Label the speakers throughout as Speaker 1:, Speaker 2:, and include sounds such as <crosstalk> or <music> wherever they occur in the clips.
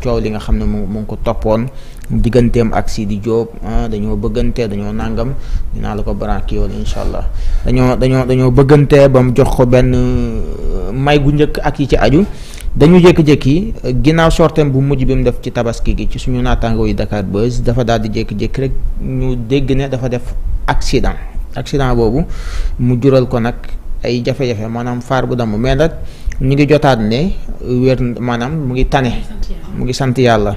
Speaker 1: coow li nga xam ne mu mu ngi ko toppoon digganteem ak Sidi Diop ah, dañoo bëggantee dañoo nangam dinaa la ko baraak yoon incha allah dañoo dañoo dañoo bëggante ba mu jox ko benn euh, may gu njëkk ak yi ci aju dañu jékki-jékki ginnaaw sortem bu mujj bi mu def ci tabaski gi ci suñu naataangoo yi Dakar Buzz dafa daal di jékki-jékki rek ñu dégg ne dafa def accident accident boobu mu jural ko nag ay jafe-jafe maanaam faar bu damm mais nag ñu ngi jotaat ne wér maanaam mu ngi tane mu ngi sant yàlla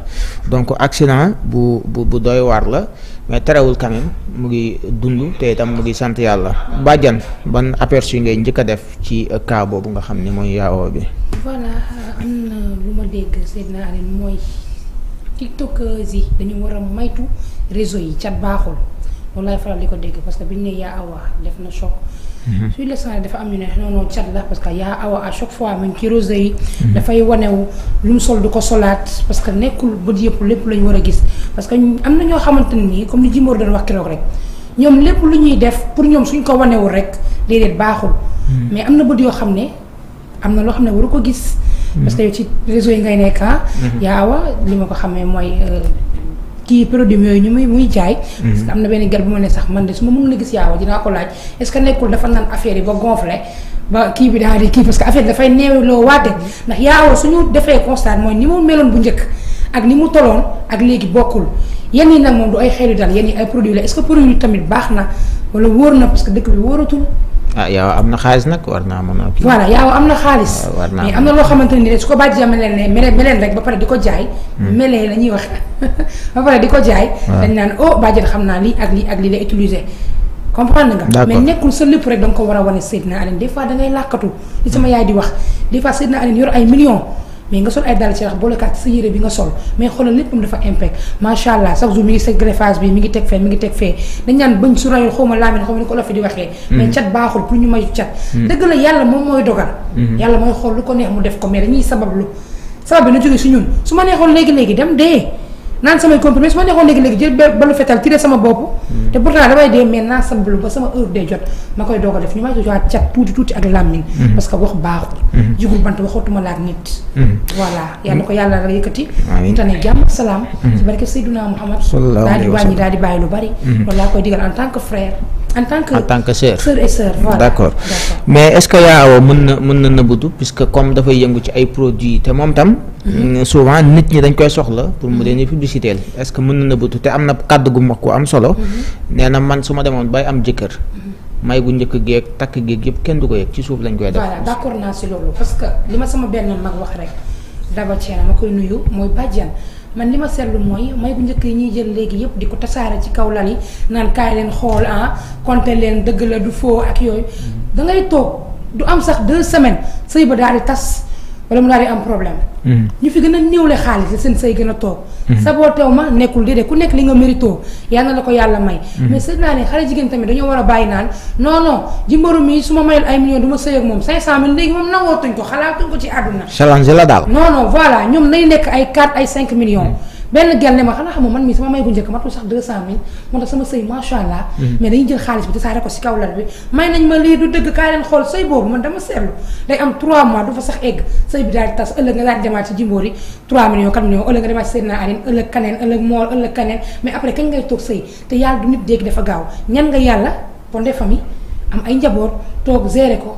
Speaker 1: donc accident bu bu bu doy waar la mais terewul quand mu ngi dund te itam mu ngi sant yàlla bàjjan ban aperçu ngay njëkk a def ci cas boobu nga xam ne mooy yaawoo bi.
Speaker 2: voilà ma dégg Seydina Aliou mooy yi dañu war maytu réseau yi cat baaxul loolu faral di ko dégg parce que biñ ne def na choc. Mhm. suy leçon dafa am ñu ne non non la parce que yaa awa à chaque fois même ci rosée yi. dafay wanewu lu mu sol du ko solaat parce que nekkul bët yëpp lépp lañ war a gis parce que am na ñoo xamante nii comme ni Jimboor doon wax keroog rek ñoom lépp lu ñuy def pour ñoom suñ ko wanewul rek déedéet baaxul. Mhm. mais am na bët yoo xam ne am na loo xam ne waru ko gis. parce que mhm. yow ci réseau yi ngay nekk ah. yaa awa li ma ko xamee mooy. Euh, kii produit yooyu ñu muy muy jaay. Mhm. parce que am na benn gel bu ma ne sax man de su ma mën na gis yaaw dinaa ko laaj est-ce nekkul dafa naan affaire yi ba gonflé ba kii bi daal di kii parce que affaire dafay néewloo waate mhm. ndax yaaw suñu defee constat mooy ni mu meloon bu njëkk ak ni mu toloon ak léegi bokkul yenn yi nag moom du ay xeetu daal yenn yi ay produits la est-ce produit tamit baax na wala wóor na parce que dëkk bi wóoratul.
Speaker 1: ah yow am na xaalis nag war naa mën a.
Speaker 2: voilà yow am na xaalis. war naa mais am na loo xamante ne su ko bàjjee meleen ne meleen meleen rek ba pare di ko jaay. Hmm. melee la ñuy wax <laughs> ba pare di ko jaay. dañ naan oh bàjjee xam naa lii ak lii ak lii la utiliser. comprendre nga mais nekkul sa lépp rek da nga war a wane Seydina Aline des fois da ngay làkkatu li sama hmm. yaay di wax des fois na Aline yor ay millions. mais nga sol ay dàll ci rax boole kaat sa yére bi nga sol mais xoolal léppam dafa impact macha allah chaque jour ngi sa bi mi ngi teg fee mi ngi teg fee dañ naan bëñ su rayul xaw ma laamin xaw ni ko olof di waxee hmm. mais cat baaxul pour ñu may cat hmm. dëgg la yàlla moom mooy dogal hmm. yàlla mooy xool lu ko neex mu def ko mais dañuy sabablu sabab bi na jógee si ñun su ma neexoon léegi-léegi dem dee naan samay comprimé su ma neexoon léegi-léegi jël balu fetal tiré sama bopp mm. te pourtant damay dee mais naa sam bulu ba sama heure day jot ma koy doog def ñu may joxaat cat tuuti tuuti ak làmmiñ mm-hmm. parce que wax baaxul mm-hmm. jigul bant waxatuma laak nit mm-hmm. voilà yàlla ko yàlla yëkkati tane jàmm salaam ci barke Seydina Muhammad daal di daal di bàyyi lu bari loolu laa koy digal en tant que frère en tant que en tant que sœur sœur
Speaker 1: d'accord mais est-ce que Yaa Awa mën na mën na nëbbutu puisque comme dafay yëngu ci ay produits te moom tam. Mhm. Mm, souvent nit ñi dañ koy soxla pour mu leen di publicité est-ce que mën na nëbbutu te am na kàddu gu mag ku am solo. Mhm. nee na man su ma demoon bay am jëkkër. Mhm. may gu njëkk géeg takk géeg yëpp kenn du ko yëg ci suuf lañ koy def. voilà
Speaker 2: d'accord si loolu parce que li ma sama benn mag wax rek daba Thiel ma koy nuyu mooy bàjjan man li ma seetlu mooy may bu njëkk yi ñuy jël léegi yëpp di ko tasaare ci kaw lal yi naan leen xool ah compter leen dëgg la du faux ak yooyu. Mm-hmm. da ngay toog du am sax deux semaine sëy ba daal di tas. la mu daal di am problème. Hmm. ñu fi gën a néewle xaalis seen say gën a toog. Hmm. sabootew ma nekkul déedéet ku nekk li nga mérito yal na la ko yàlla may. Hmm. mais sëñ naa ne xale jigéen tamit dañoo war a bàyyi naan non non jimbaru su ma mayul ay millions du sëy ak moom 500000 léegi moom nangootuñ ko xalaatuñ ko ci àdduna.
Speaker 1: challenge la daal.
Speaker 2: non voilà ñoom nay nekk ay 4 ay 5 millions. benn gel ne ma xanaa xamoo man mii sama may gu njëkk matul sax deux cent mille moo tax sama sëy macha allah. Mm-hmm. mais dañuy jël xaalis bi tasaare ko si kaw lal bi may nañ ma lii du dëgg kaay leen xool sëy boobu man dama seetlu day am 3 mois du fa sax egg sëy bi daal tas ëllëg nga daal demaat si jimboor yi 3 millions 4 millions ëllëg nga demaat si Seydina Aline ëllëg kaneen ëllëg mool ëllëg kaneen mais après kañ ngay toog sëy te yàlla du gaaw nga yàlla fondé famille am ay njaboot toog gérer ko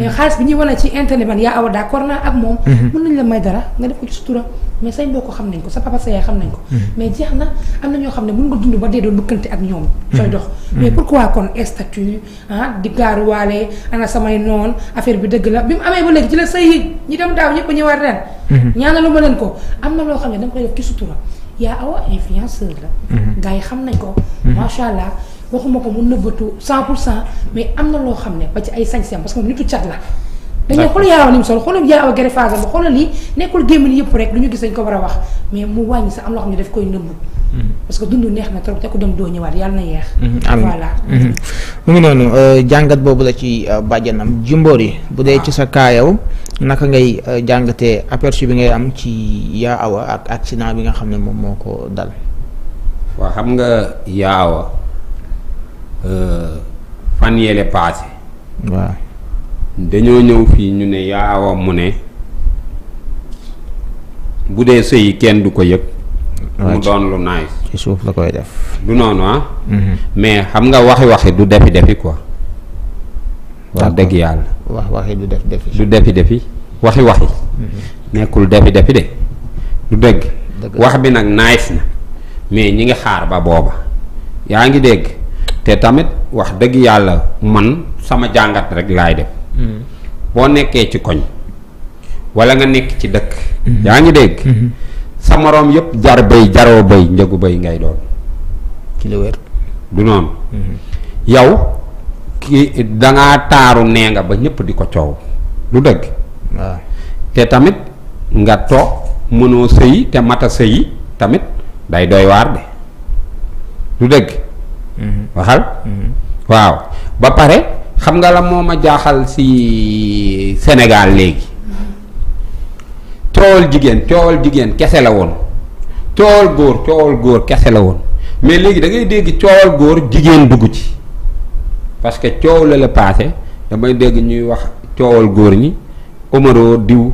Speaker 2: mais xaalis bi ñuy wane ci internet man yaa awa d'accord naa ak moom. Mhm. mën nañ la may dara nga def ko ci sutura mais say mbokk ko sa papa sa yaay xam nañ ko. Mhm. mais jeex na am na ñoo xam ne mën nga dund ba dee doon bëkkante ak ñoom. Mhm. sooy dox kon statut ah di gaaruwaale ana samay noon affaire bi dëgg la bi mu amee ba léegi ci la say yëg ñi dem daaw ñëpp a ñëwaat ren. ñaanalu ma leen ko am na loo xam ne dama koy def ci sutura yaa awa influenceur la. gars yi xam nañ ko. macha allah. waxuma ko mu nëbbatu 100 pour cent mais am na loo xam ne ba ci ay sañ-sañ parce que moom nitu cat la. dañu xool yaaw ni sol xoolal yaaw a gërë phase am xoolal nekkul gémmiñ yëpp rek lu ñu gis dañ ko war a wax mais mu wàññi sax am loo xam ne daf koy nëbbu. Mhm. parce que dund neex na trop te ku dem doo ñëwaat yàlla na yeex.
Speaker 1: Mhm. Mhm. mu ngi noonu euh, jàngat boobu la ci euh, bàjjanam jimboor yi. bu dee ah. ci sa kaayaw naka ngay euh, jàngatee aperçu bi ngay am ci yaawa ak accident bi nga xam ne moom moo ko dal.
Speaker 3: waaw xam nga yaawa Euh, fan yele paase waaw dañoo ñëw fii ñu ne yaawa mu ne bu dee sëy kenn du ko yëg mu doon lu naay ci suuf la koy def du noonu ah mm-hmm. mais xam nga waxi waxi du defi defi quoi wax dëgg yàlla wax waxi du def defi du defi defi waxi waxi mm-hmm. nekkul defi defi de du dëgg wax bi nag nice na mais ñi ngi xaar ba booba yaa ngi dégg te tamit wax dëgg yàlla man sama jàngat rekk laay def. Hmm. boo nekkee ci koñ wala nga nekk ci dëkk. Hmm. yaa ngi dégg. Hmm. sa moroom yëpp jar bëy jaroo bëy njëgu bëy ngay doon. ci la du noonu. yow ki danga taaru nee nga ba ñëpp di ko coow lu dëgg. te tamit nga toog mënoo sëyi te mata sëyi tamit day doy waar de lu dëgg. Mm-hmm. waxal mm-hmm. waaw ba pare xam nga la moo ma jaaxal si Sénégal léegi coowal mm-hmm. jigéen coowal jigéen kese la woon coowal góor coowal góor kese la woon mais léegi da ngay dégg coowal góor jigéen dugg ci parce que coow la la passé damay dégg ñuy wax coowal góor ñi Omaro diw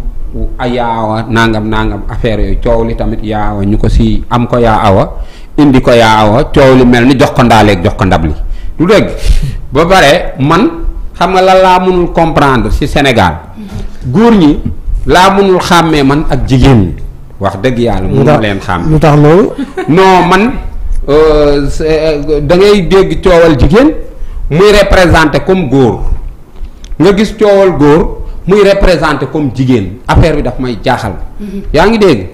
Speaker 3: a yaawa nangam nangam affaire yooyu coow li tamit yaawa ñu ko si am ko yaa awa indi ko yaa awa coow li mel ni jox ko ndaaleeg jox ko ndab li lu dëgg ba pare man xam nga lan laa mënul comprendre ci Sénégal góor ñi laa mënul xàmmee man ak jigéen ñi wax dëgg yàlla mënul leen xàmmee lu tax loolu non man euh, euh, da ngay dégg coowal jigéen muy représenté comme góor nga gis coowal góor muy représenté comme jigéen affaire bi daf may jaaxal mm-hmm. yaa ngi dégg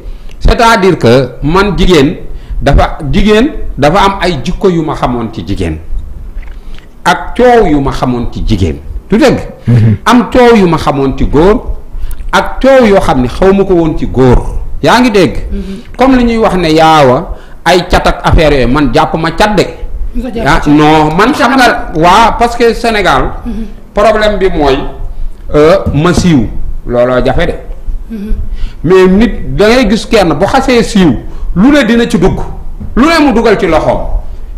Speaker 3: cest dire que man jigéen dafa jigéen dafa am ay jikko yu ma xamoon ci jigéen ak coow yu ma xamoon ci jigéen du dëgg mhm. am coow yu ma xamoon ci góor ak coow yoo xam ne xaw ma ko woon ci góor yaa ngi dégg mhm. comme li ñuy wax ne yaawa ay cat ak affaire yooyu man jàpp ma cat de ah man xam nga waa parce que Sénégal mhm. problème bi mooy euh, ma siiw looloo jafe de mais nit dangay gis kenn bu xasee siiw lu ne dina ci dugg lu ne mu dugal ci loxoom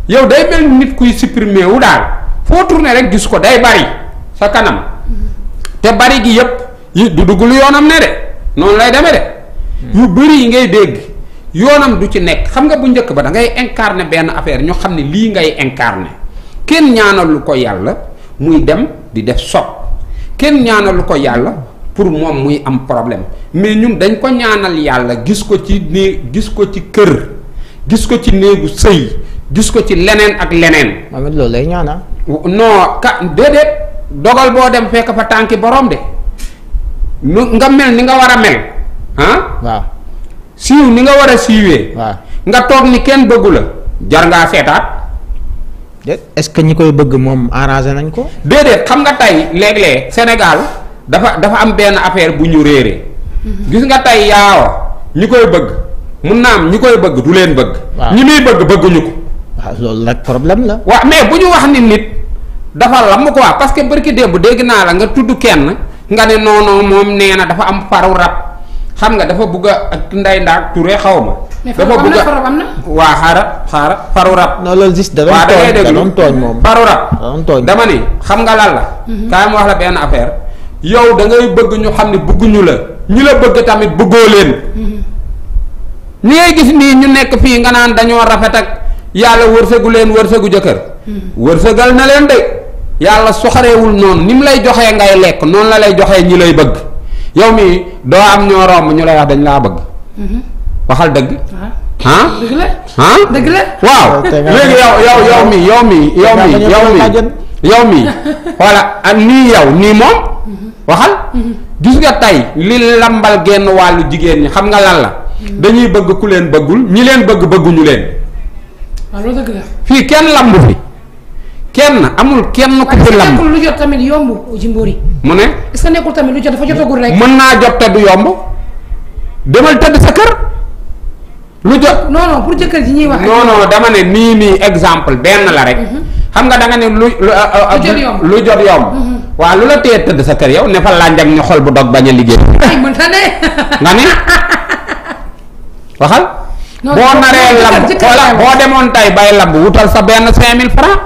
Speaker 3: yow day mel nit kuy supprimer wu daal foo ne rek gis ko day bari sa kanam te bari gi yépp yi du dugg lu yoonam ne de noonu lay demee de yu bëri yi ngay dégg yoonam du ci nekk xam nga bu njëkk ba da ngay incarné benn affaire ñoo xam ne lii ngay incarné kenn ñaanalu ko yàlla muy dem di def sob kenn ñaanalu ko yàlla pour moom muy am problème mais ñun dañ ko ñaanal yàlla gis ko ci néeg gis ko ci kër gis ko ci néegu sëy gis ko ci leneen ak leneen. moom loolu lay ñaanal. Ah. non ka déedéet dogal boo dem fekk fa tànki borom de nu nga mel ni nga war a mel ah. waaw siiw ni nga war a siiwee. waaw nga toog ni kenn bëggu la jar ngaa seetaat.
Speaker 1: est-ce que ñi koy bëgg moom arrangé nañ ko.
Speaker 3: déedéet xam nga tey léeg-léeg Sénégal. dafa dafa am benn affaire bu ñu réeree. Mhm. gis nga tey yaawa ñi koy bëgg mun naa am ñi koy bëgg du leen bëgg. ñu muy bëgg bëgguñu ko. waaw ah, loolu nag problème la. waaw mais bu ñu wax ni nit dafa lamb quoi parce que barki démb dégg naa la nga tudd kenn nga ne non moom nee na dafa am faru rab xam nga dafa bugg a ak nday ndaag Touré xaw ma. dafa bugg a waa xaaral xaaral faru rab. non loolu gis da doon tooñ moom. dama ni xam nga lal la. Mhm. kaay ma wax la benn affaire. yow da ngay bëgg ñu xam ne bëgguñu la ñu la bëgg tamit bëggoo leen ñi
Speaker 4: mm-hmm.
Speaker 3: ngay gis nii ñu nekk fii nga naan dañoo rafet ak yàlla wërsëgu leen wërsëgu jëkkër mm-hmm. wërsëgal na leen de yàlla soxareewul noonu ni mu lay joxe ngay lekk noonu la lay joxe ñi lay bëgg yow mii doo am ñoo romb ñu lay wax dañ laa bëgg mm-hmm. waxal dëgg
Speaker 4: ah dëgg waaw léegi yow yow yow mi yow
Speaker 3: mi yow mi yow mi yow mi nii yow nii moom waxal. gis nga tey li lambal genn wàllu jigéen ñi xam nga lan la. Hmm. dañuy bëgg ku leen bëggul ñi leen bëgg bëgguñu leen. Ah, fii kenn lamb fi kenn amul kenn ku fi lamb. lu
Speaker 2: jot yomb ci mbóor mu ne. est tamit lu jot dafa jotagul rek. mën naa jot
Speaker 3: te du yomb. demal tëdd sa kër. lu jot
Speaker 2: non non jëkkër ji ñuy wax. non non
Speaker 3: dama ne nii nii exemple benn la rek. Mhm. xam nga da nga ne lu lu jot yomb. Mhm. waaw lu la téye tëdd sa kër yow ne fa laaj ak ñu xol bu dog bañ a liggéey. nga ne waxal.
Speaker 2: boo naree lamb xoola boo
Speaker 3: demoon tay bay lamb wutal sa benn cinq mille francs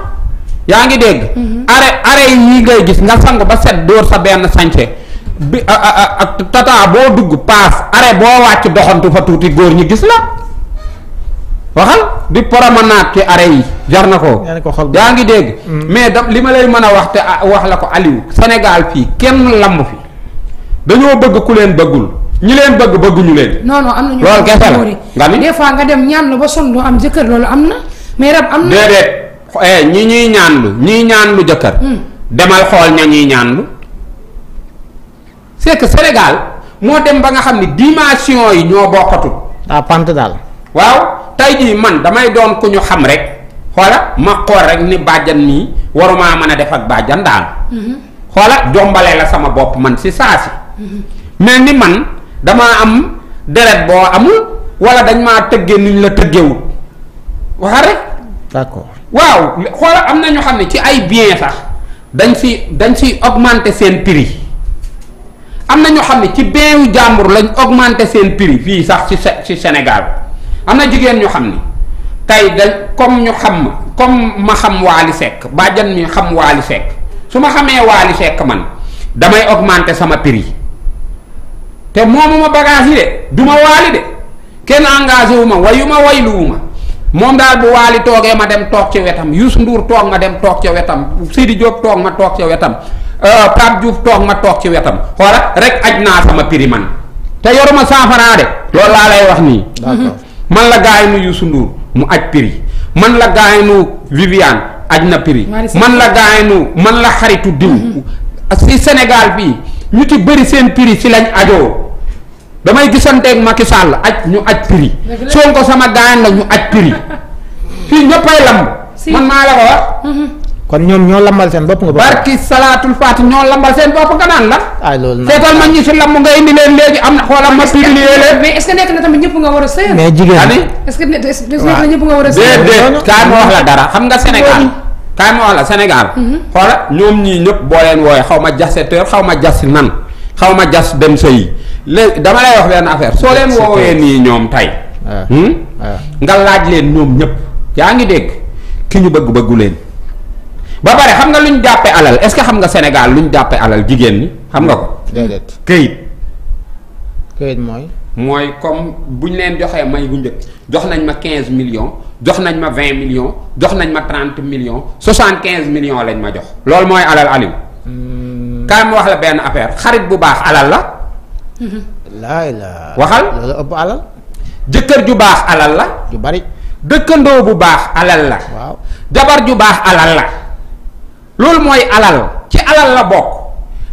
Speaker 3: yaa ngi dégg. Mhm. are are yi ngay gis nga sangu ba set dóor sa benn sànce bi ak tata boo dugg paas are boo wàcc doxantu fa tuuti góor ñi gis la. waxal di promenade ci arrêt yi jar na ko. yaa ngi dégg. Mm. mais da li ma lay mën a wax te a ah, wax la ko Aliou senegaal fii kenn lamb fi dañoo bëgg ku leen bëggul ñi leen bëgg bëgguñu leen.
Speaker 2: non non am na ñu loolu kese la nga ni nga dem ñaan lu ba sonn am jëkkër loolu am na. mais rab am na déedéet
Speaker 3: eh, ñi ñuy ñaan lu ñiy ñaan lu jëkkër. Mm. demal xool ña ñuy ñaan lu c'est que moo dem ba nga xam ne dimension yi ñoo bokkatul. ah pant daal waaw. tey man damay doon ku ñu xam rek xoola ma xool rek ni bàjjan nii warumaa mën a def ak bàjjan daal mhm. xoola jombale la sama bopp man si saa si mhm. mel ni man damaa am deret boo amul wala dañ maa tëggee niñ la tëggewut waxa rek d'accord waaw xoola am na ñu xam ne ci ay bien sax dañ si dañ si augmenter seen prix am na ñoo xam ne ci beewu jàmbur lañ augmenter seen prix fii sax ci ci Sénégal am na jigéen ñu xam ni tay da comme ñu xam ma comme ma xam waali sekk bàjjan mi xam waali sekk su ma xamee waali sekk man damay augmenter sama prix te moomu ma bagage yi de du ma waali de kenn engagé wu ma wayu ma wayluwu ma moom daal bu waali toogee ma dem toog ci wetam Youssou Ndour toog ma dem toog ca wetam Sidi Diop toog ma toog ca wetam euh, Pape Diouf toog ma toog ci wetam xoola rek aj naa sama prix man te yoruma saafara de loolu laa lay wax nii man la gaay nu Youssou Ndour mu aj prix man la gaay nu Viviane aj na prix man la gaay nu man la xaritu diw mm-hmm. si Sénégal bi ñu ci bëri seen prix ci lañ ajoo damay gisanteeg Macky Sall aj ñu aj prix Sonko sama gaay la ñu aj prix <laughs> fii ñëppay lamb man maa la ko wax mm-hmm.
Speaker 1: kon ñoom ñoo lambal seen bopp nga. barki
Speaker 2: salaatul faati ñoo lambal seen bopp nga naan la.
Speaker 1: ay loolu nag seetal ma ñu
Speaker 2: si lamb nga indi leen léegi am na xoolal ma. publié leen mais est ce ñëpp nga war a sëyal. mais jigéen est ce que nekk na ñëpp nga war a sëyal. wax la
Speaker 3: dara xam nga Sénégal. kaay ma wax la Sénégal. Mhm. xoola ñoom ñii ñëpp boo leen wooyee xaw ma jaseteur xaw ma jas nan xaw ma jas dem sëyi léegi dama lay wax benn affaire soo leen woowee nii ñoom tey. Ah. Hmm? Ah. nga laaj leen ñoom ñëpp yaa ngi dégg ki ñu bëgg bëggu leen ba pare xam nga lu ñu jàppee alal est-ce que xam nga Sénégal lu ñu jàppee alal jigéen ñi xam nga ko. déedéet këyit. këyit mooy. mooy comme bu ñu leen joxee may gu njëkk jox nañ ma quinze millions jox nañ ma 20 millions jox nañ ma 30 millions 75 millions lañ ma jox loolu mooy alal Aliou. Hmm. kaay ma wax la benn affaire xarit bu baax alal la. laay la loolu ëpp alal. jëkkër ju baax alal la. ju bari dëkkandoo bu baax alal la. waaw jabar ju baax alal la. loolu mooy alal ci alal la bokk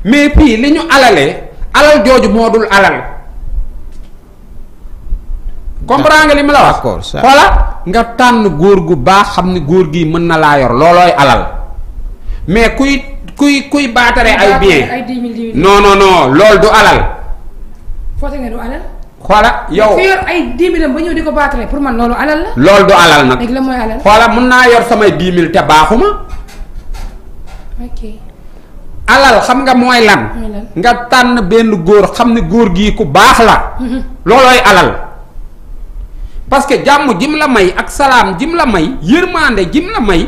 Speaker 3: mais fii li ñu alale alal jooju moo dul alal comprend nga li ma xoola nga tànn góor gu baax xam ne góor gi mën na laa yor loolooy alal mais kuy kuy kuy baatare ay bien
Speaker 2: non non non
Speaker 3: loolu du alal
Speaker 2: foote nga du alal
Speaker 3: xoola yow fi yor
Speaker 2: ay dix mille ba ñëw di ko baatare pour man loolu alal la loolu du alal nag xoola
Speaker 3: mën naa yor samay dix mille te baaxuma alal xam nga mooy lan nga tànn benn góor xam ne góor gii ku baax la mhm. loolooy alal parce que ji mu la may ak salaam jim la may yërmande jim la may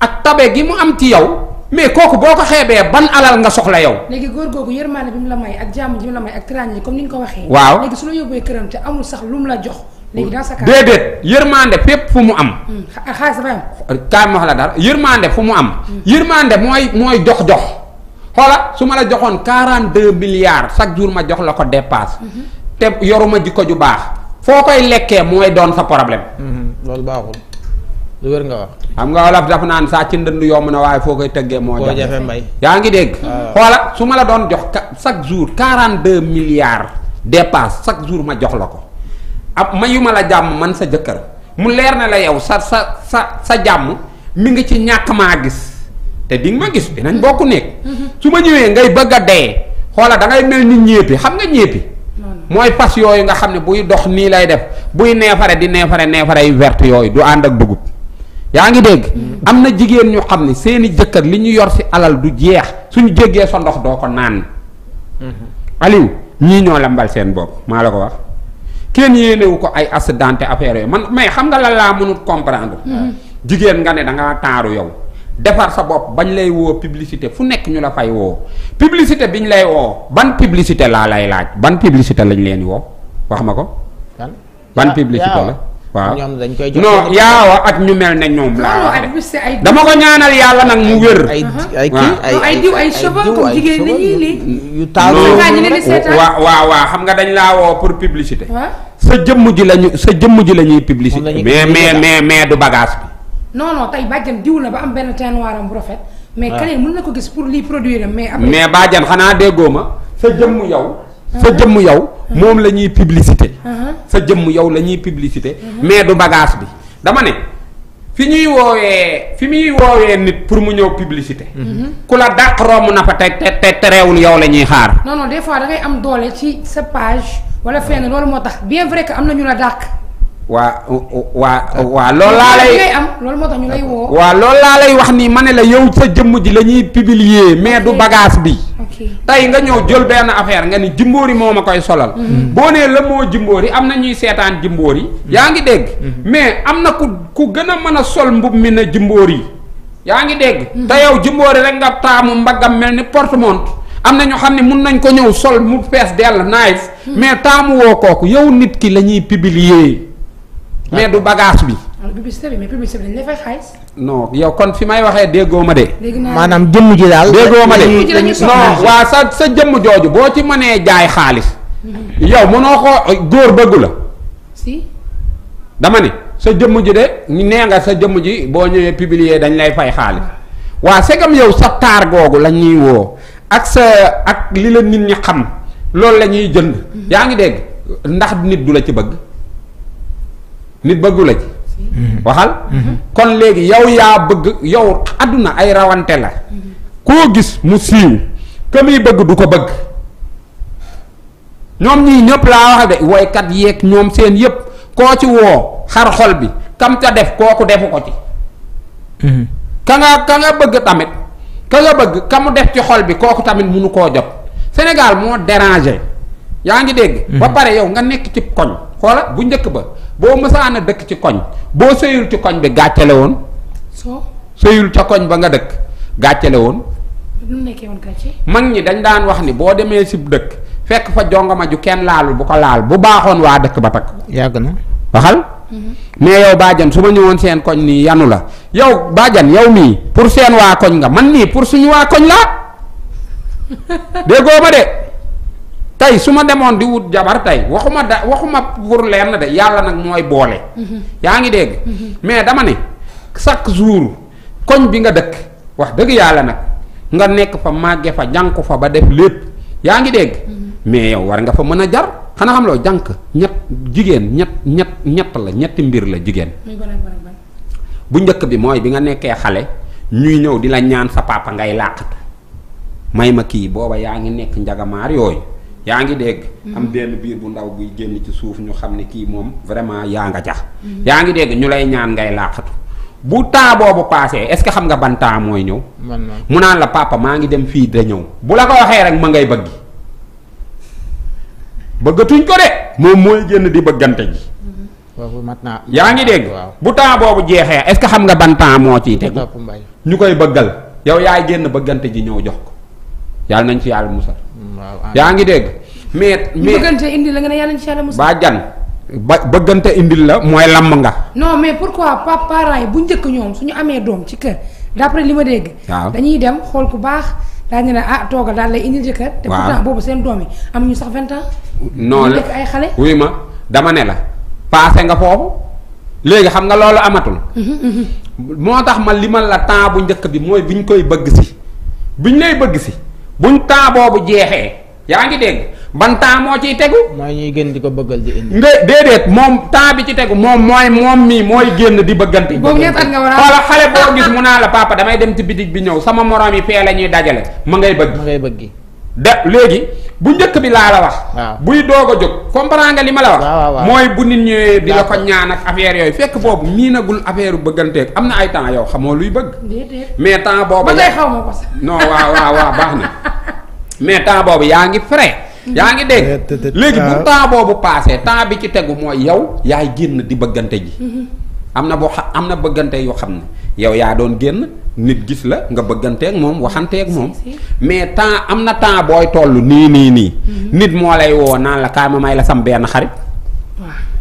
Speaker 3: ak tabe gi mu am ci yow mais kooku boo ko xeebee ban alal nga soxla yow.
Speaker 2: léegi góor googu yërmaande bi mu la may ak jàmm ji mu la may ak tirañ yi comme ni ñu ko waxee. waaw léegi su la yóbbee këram te amul sax lu mu la jox léegi dans sa cas déedéet
Speaker 3: yërmande fu mu am.
Speaker 2: Hmm. Ah, xaalis ma
Speaker 3: wax la dara yërmande fu mu am. Hmm. yërmande mooy mooy jox jox. xoola su ma la joxoon quarante deux milliards chaque jour ma jox la ko dépasse. Hmm. te yoruma jikko ju baax. foo koy lekkee mooy doon sa problème. loolu baaxul lu nga wax. xam nga wolof daf naan saa ci ndënd yomb na waaye foo koy tëggee moo. jafe mbay yaa ngi dégg. Ah. xoola su ma la doon jox chaque jour quarante deux milliards dépasse chaque jour ma jox la ko. ab mayuma la jàmm man sa jëkkër mu leer na la yow sa sa sa sa jàmm mu ngi ci ñàkk maa gis te di ma gis dinañ bokk nekk. Mm-hmm. su ma ñëwee ngay bëgg a dee xoola da ngay mel ni ñéepi xam nga ñéepi mooy fas yooyu nga xam ne buy dox nii lay def buy neefare di neefare neefare yu vert yooyu du ànd ak dugub yaa ngi dégg. Mm-hmm. am na jigéen ñu xam ne seeni jëkkër li ñu yor si alal du jeex ñu jéggee sa ndox doo ko naan. Mm-hmm. Aliou ñii ñoo lambal seen bopp maa la ko wax. kenn yéenewu ko ay accidenté affaire yooyu man mais xam nga lan laa mënut comprendre. Mm-hmm. jigéen nga ne da ngaa taaru yow. defar sa bopp bañ lay woo publicité fu nekk ñu la fay woo publicité biñ lay woo ban publicité laa lay laaj ban publicité lañ leen woo wax ma ko. ban ah, publicité la. waaw ñoom dañ koy jox non yaawa ak ñu mel ne ñoom. laa
Speaker 2: wax dama ko ñaanal yàlla nag
Speaker 3: mu wér. ay ay ay diw ay cheveux comme jigéen ñi nii yu taaru waaw waaw xam nga dañ laa woo pour publicité.
Speaker 2: sa
Speaker 3: jëmm ji lañu sa jëmm ji la ñuy publicité. mais mais mais mais du bagage
Speaker 2: bi. non non tey bàjjan diw na ba am benn teint noir bu rafet. mais ah. keneen mën na ko gis pour lii produire mais. mais bàjjan
Speaker 3: xanaa déggoo ma sa jëmm yow.
Speaker 2: sa ah. jëmm yow ah. moom
Speaker 3: la ñuy publicité ah. sa jëmm yow la ñuy publicité mais du bagage bi dama ne fi ñuy woowee fi muy woowee nit pour mu ñëw publicité. Mm-hmm. Mm-hmm. ku la dàq romb na fa te te terewul yow la ñuy xaar.
Speaker 2: non non des fois da ngay am doole ci sa page wala fenn loolu moo tax bien vrai que am na ñu la dàq.
Speaker 3: waa waa waa loolu laa lay
Speaker 2: laa lay wax nii
Speaker 3: ma ne la yow sa jëmm ji la ñuy publier mais du bagage bi. tey nga ñëw jël benn affaire nga ni jimboori moo ma koy solal. Mm-hmm. boo nee la moo jimboori am na ñuy seetaan jimboori. Mm-hmm. yaa ngi dégg. Mm-hmm. mais am na ku ku gën a mën a sol mbub mi ne jimboori. yaa ngi dégg. te yow jimboori rek nga taamu mbaggam mel ni porte-monnaie. am na ñoo xam ne mun nañ ko ñëw sol mu fees dell nice mais taamu woo kooku yow nit ki la ñuy publier. mais du bagage bi.
Speaker 2: Ah, publicité bi mais bi dañ la fay xaalis.
Speaker 3: yow kon fi may waxee déggoo ma de. maanaam jëmm ji daal. déggoo ma de non waa sa sa jëmm jooju boo ci manee jaay xaalis. yow mënoo ko góor bëggu la. si. dama ne sa jëmm ji de nee nga sa jëmm ji boo ñëwee publier dañ lay fay xaalis waa segam yow sa googu la ñuy woo ak sa ak li la nit ñi xam loolu la ñuy jënd. yaa ngi dégg ndax nit du la ci bëgg. nit bëggula ci mhm. waxal mhm. kon léegi yow yaa bëgg yow àdduna ay rawante la mhm. koo gis mu siiw que muy bëgg du ko bëgg ñoom ñii ñëpp laa wax de woykat yeeg ñoom seen yëpp koo ci woo xar xol bi kam ca def kooku defu ko ci ka nga ka nga bëgg tamit ka nga bëgg kamu def ci xol bi kooku tamit munu koo jot Sénégal moo dérangé yaa ngi dégg ba pare yow nga nekk ci koñ xoola bu njëkk ba boo mësaan a dëkk ci koñ boo sëyul ci koñ bi gàccale woon. soo sëyul ca koñ ba nga dëkk gàccale la woon. mag ñi dañ daan wax ni boo demee si dëkk fekk fa jongama ju kenn laalul bu ko laal bu baaxoon waa dëkk ba takk yàgg na waxal mhm. mais yow baajan su ma ñëwoon seen koñ nii yanu la yow baajan yow mii pour seen waa koñ nga man nii pour suñu waa koñ la <laughs> déggoo ma de tey su ma demoon di wut jabar tey waxuma da waxuma pour leen de yàlla nag mooy boole. Mhm. yaa ngi dégg. Mhm. mais dama ne chaque jour koñ bi nga dëkk wax dëgg yàlla nag nga nekk fa màgge fa jànku fa ba def lépp yaa ngi dégg. Mhm. mais yow war nga fa mën a jar xanaa xam loo jànk ñett jigéen ñett ñett ñett la ñetti mbir la jigéen. bu njëkk bi mooy bi nga nekkee xale ñuy ñëw di la ñaan sa papa ngay làqatu may ma kii booba yaa ngi nekk njagamaar yooyu. yaa ngi dégg. Mm-hmm. am benn biir bu ndaw buy génn ci suuf ñu xam ne kii moom vraiment yaa nga jax mm-hmm. yaa ngi dégg ñu lay ñaan ngay làqatu bu temps boobu passé est-ce que xam nga ban mooy ñëw. mu naan la papa maa ngi dem fii da ñëw bu la ko waxee rek ma ngay bëgg bëggatuñ ko de moom mooy génn di bëggante ji.
Speaker 1: Mm-hmm. yaa ngi dégg
Speaker 3: bu temps boobu jeexee est-ce que xam nga ban temps moo ciy tegu ñu koy bëggal yow yaay génn bëggante ji ñëw jox ko yàlla nañ ci yàlla musal. Ah. yaa ngi dégg. mais mais bëggante
Speaker 2: indil la nga ne yàlla incha allah. ba jan
Speaker 3: ba bëggante indil la mooy làmb nga.
Speaker 2: non mais pour quoi pas parents yi bu njëkk ñoom suñu amee doom ci kër d'après li ma dégg. waaw dañuy dem xool ku baax. daal ñu ne ah toogal daal lay indil jëkkër. waaw te pourtant boobu seen doom yi am ñu sax vingt ans.
Speaker 3: non la ay xale. wuy ma dama ne la passé nga foofu léegi xam nga loolu amatul. Mhm, mhm. moo tax ma limal la temps bu njëkk bi mooy bi ñu koy bëgg si bi ñu lay bëgg si. bu buñ temps bu jeexee yaa ngi dégg ban temps moo ciy tegu. mooy ñuy gën di ko bëggal di indi. nga déedéet moom temps bi ci tegu moom mooy moom mii mooy génn di bëggante. boobu ñëpp ak nga war a wala xale boo gis mu naa la papa damay dem ci bitig bi ñëw sama morom yi fee la ñuy dajale ma ngay bëgg. ma ngay bëgg. da léegi bu njëkk bi laa la wax. buy doog a jóg comprendre nga li ma la wax. mooy bu nit ñëwee di la ko ñaan ak affaire yooyu fekk boobu miinagul affaire bëgganteeg am na ay temps yow xamoo luy bëgg. mais temps boobu. ba tey xaw ma ko baax na <laughs> mais temps boobu yaa ngi frais. yaa ngi dégg léegi bu temps boobu passé temps bi ci tegu mooy yow yaay génn di bëggante ji. Mhm. am na boo xa am na bëggante yoo xam ne yow yaa doon génn nit gis la nga bëgganteeg moom waxanteek moom mais temps am na temps booy toll nii nii nii mhm. nit moo lay woo naan la kaay may la sam benn xarit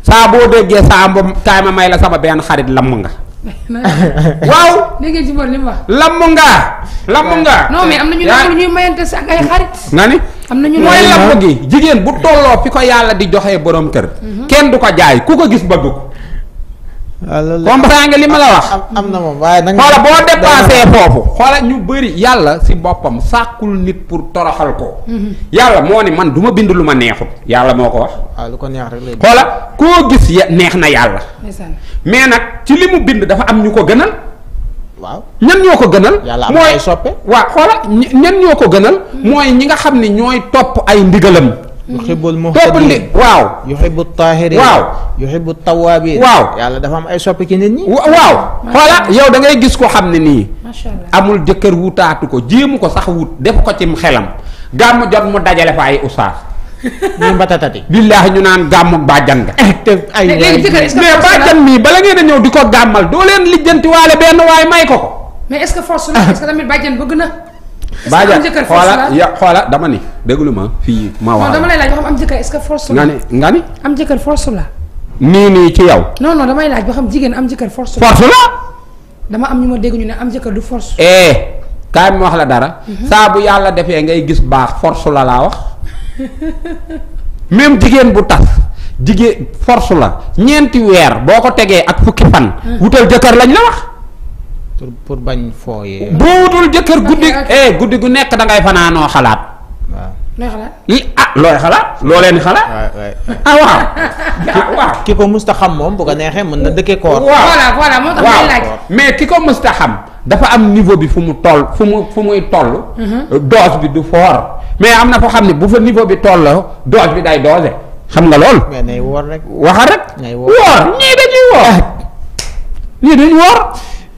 Speaker 3: saa boo déggee saa mba kaay may la sama benn xarit lamm nga
Speaker 2: <laughs> waaw. dégg nga ci li mu wax. lamm ngaa.
Speaker 3: lamm ngaa. am na ñu ne
Speaker 2: ñuy mayante si ak ay xarit. nga ni. na ñu mooy lamm
Speaker 3: gi jigéen bu tolloo fi ko yàlla di joxee borom kër. Mhm. kenn du ko jaay ku ko gis bëgg ko. comprends nga li ma la wax. am na waaye nag xoola boo dépassé foofu xoola ñu bëri yàlla si boppam sàkkul nit pour toroxal ko. Mhm. yàlla moo ni man duma bind lu ma neexut yàlla moo ko wax. ko neex rek xoola koo gis ya neex na yàlla. mais nag ci li mu bind dafa am ñu ko gënal. waaw ñan ñoo ko gënal. yàlla mooy soppe. waaw xoola ñan ñoo ko gënal. Mhm. mooy ñi nga xam ne ñooy topp ay ndigalam.
Speaker 4: yuhibbul mm. muhtadin waaw
Speaker 1: yuhibbut tahirin waaw yuhibbut tawwabin waaw
Speaker 3: yàlla dafa am ay soppi ci nit ñi
Speaker 4: waaw xoola yow da ngay gis
Speaker 3: ko xam ne nii amul jëkkër wutaatu ko jéemu ko sax wut def ko cim xelam gàmm jot mu dajale fa ay ustaas <laughs> ñu mbatatati billaahi ñu naan gàmm bàjjan nga eh, ay mais bàjjan mii bala ngeen a ñëw di ko gàmmal doo leen lijjanti waale benn waaye may ko ko
Speaker 2: mais est-ce que force ah. bëgg na baaja xoola ya
Speaker 3: xoola dama ni déglu ma fii ma wax dama lay
Speaker 2: laaj boo xam am jëkkër est-ce que force la nga ni am jëkkër force la
Speaker 3: nii nii ci yow
Speaker 2: non non damay laaj boo xam jigéen am jëkkër force la force la dama am ñu ma dégg ñu ne am jëkkër du force
Speaker 3: eh kaay ma wax la dara mhm. saa bu yàlla defee ngay gis baax force la laa wax
Speaker 4: <laughs>
Speaker 3: même jigéen bu tas jigéen force la ñeenti weer boo ko tegee ak fukki fan mhm. wutal jëkkër lañ la wax pour pour bañ fooyee. boo wutul jëkkër guddi eh guddi gu nekk dangay fanaanoo xalaat. waaw looy xalaat. li ah, xalaat ah <laughs> waaw. ki ko musta xam moom bu ko neexee mën na dëkkee
Speaker 1: koor.
Speaker 2: waaw
Speaker 3: mais ki ko musta xam dafa am niveau bi fu mu toll fu mu fu muy toll. Mhm. dose bi du fort mais am na foo xam ne bu fa niveau bi tolloo dose bi day doose xam nga lool. mais nay woor rek. waxal rek. woor ñii dañuy woor. Eh. ñii dañuy woor.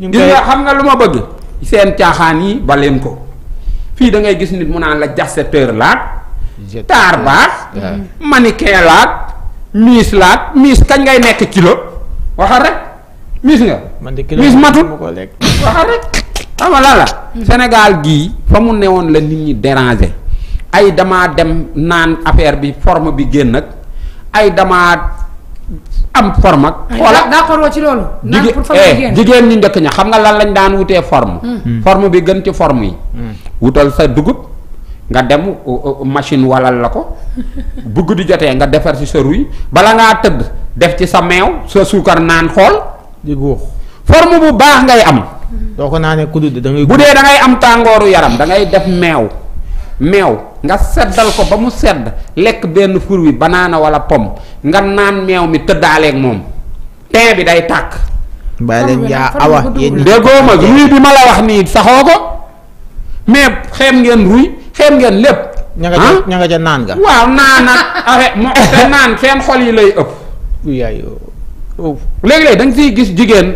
Speaker 3: ñu ngi xam nga lu ma bëgg. seen caaxaan yi ba ko fii da ngay gis nit mu naan la jasseteur laat. taar baax. mannequin laat. miis laat miis kañ ngay nekk kilo. waxal rek miis nga. man
Speaker 1: de miis waxal rek.
Speaker 3: xam nga la Sénégal gii fa mu newoon la nit ñi déranger. ay damaa dem naan affaire bi forme bi génn nag ay damaa am forme ak. xoolal
Speaker 2: d'accord ci loolu.
Speaker 3: naan jigéen eh, jigéen ñu njëkk ña xam nga lan lañ daan wutee form hmm. hmm. form bi gën ci form yi. Hmm. wutal sa dugub nga dem machine walal la ko <laughs> bu guddi jotee nga defar ci sa ruy bala ngaa tëdd def ci sa meew sa suukar naan xool. di guux forme bu baax ngay am. doo ko naanee kudd da bu dee dangay am tàngooru yaram dangay def meew. meew nga seddal ko ba mu sedd lekk benn fur wi banaana wala pom nga naan meew mi tëddaaleeg moom teen bi day tàkk bàyyi leen yaa awa déggoo ma ruy bi ma la wax nii saxoo ko mais xeeb ngeen ruy xeeb ngeen lépp ah? ña nga ca naan nga waaw naan ak axe mo <laughs> naan seen xol yi lay ëpp oh. léegi-léegi da nga gis jigéen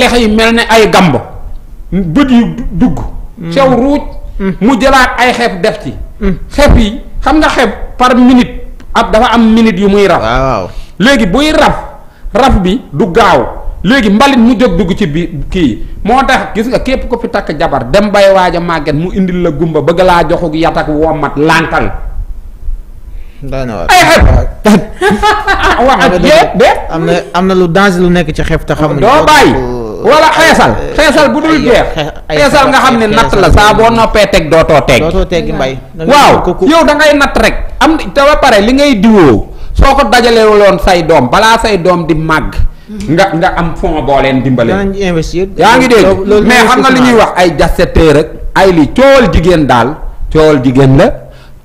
Speaker 3: lex yi mel ne ay gambo bët yi dugg hmm. sew ruuj mu jëlaat ay xepp def ci. xepp yi xam nga xepp par minute ab dafa am minute yu muy raf. waaw léegi buy raf raf bi du gaaw léegi mbalit mu jóg dugg ci bi kii moo tax gis nga képp ko fi takk jabar dem bay waaja a màgget mu indil la gumba bëgg laa joxug yatak womat lànkal.
Speaker 1: daanaka ay xepp. <laughs>
Speaker 3: Ah, am na am na
Speaker 1: lu danger lu nekk ci xepp te xam. doo wala xeesal xeesal bu dul jeex xeesal nga xam ne natt la saa
Speaker 3: noppee teg dootoo teg dootoo teg mbay waaw yow da ngay natt rek am te ba pare li ngay diwoo soo ko dajaleewuloon say doom balaa say doom di màgg nga nga am fond boo leen dimbale yaa
Speaker 1: ngi dégg mais xam nga li ñuy wax
Speaker 3: ay jaseteer rek ay li coowal jigéen daal coowal jigéen la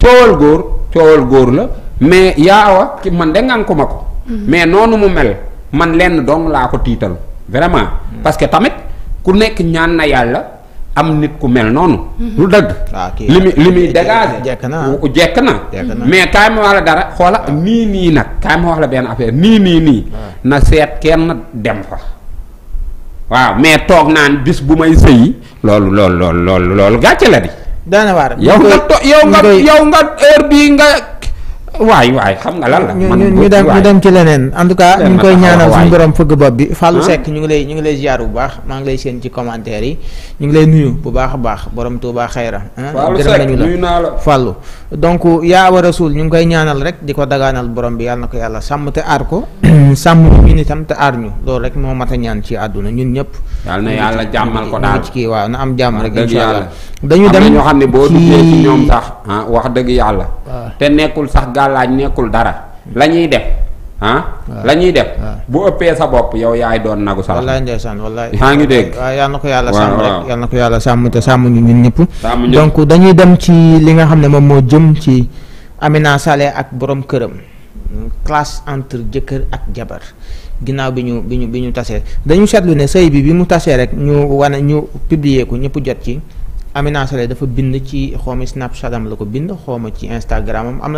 Speaker 3: coowal góor coowal góor la mais yaawa ki man de ngan ko ko mm-hmm. mais noonu mu mel man lenn dong laa ko tiital vraiment hmm. parce que tamit ku nekk ñaan na yàlla am nit ku mel noonu hmm. lu dëgg ah, li muy li muy dégagé jekk na mais kaay ma wax la dara xoola ah. nii nii nag kaay ma benn affaire nii nii nii ah. na seet kenn dem fa waaw mais toog naan bis bu may sëyi loolu loolu loolu loolu loolu gàcce la di yow nga to yow nga yow nga heure bii nga
Speaker 1: waay waay xam nga lan la. man ñu dem ñu dem ci leneen en tout ñu ngi koy ñaanal suñu borom fëgg bopp bi. Fallou Seck ñu ngi lay ñu ngi lay ziar bu baax maa ngi lay seen ci commentaire yi ñu ngi lay nuyu bu baax a baax borom Touba Xayra. Ah, gërëm nañu la nuyu naa la Fallou wa rasul ñu ngi koy ñaanal rek di ko dagaanal borom bi yàlla na ko yàlla sàmm te aar ko <clears throat> sàmm ñu ñun itam te aar ñu loolu rek moo mat a ñaan ci àdduna ñun ñëpp. yàlla na yàlla jàmmal ko daal ci kii waaw na am jàmm
Speaker 3: rek. incha allah dañu dem ci ñoom sax ah, wax dëgg te nekkul sax gàllaaj nekkul dara hmm. la ñuy def ah la ñuy def bu ëppee sa bopp yow yaay doon nagu sala wallaay ndeysaan wallaay yaa ngi dégg waaw yal na ko yàlla sàmm rek
Speaker 1: yal na ko yàlla sàmm te sàmm ñu ñun ñëpp donc dañuy dem ci li nga xam ne moom moo jëm ci Amina Sale ak borom këram classe entre jëkkër ak jabar ginnaaw bi ñu bi ñu bi ñu tasee dañu seetlu ne sëy bi bi mu tasee rek ñu wane ñu publier ko ñëpp jot
Speaker 4: ci Amina Sole dafa bind ci xawma Snapchat am la ko bind xawma ci Instagram am.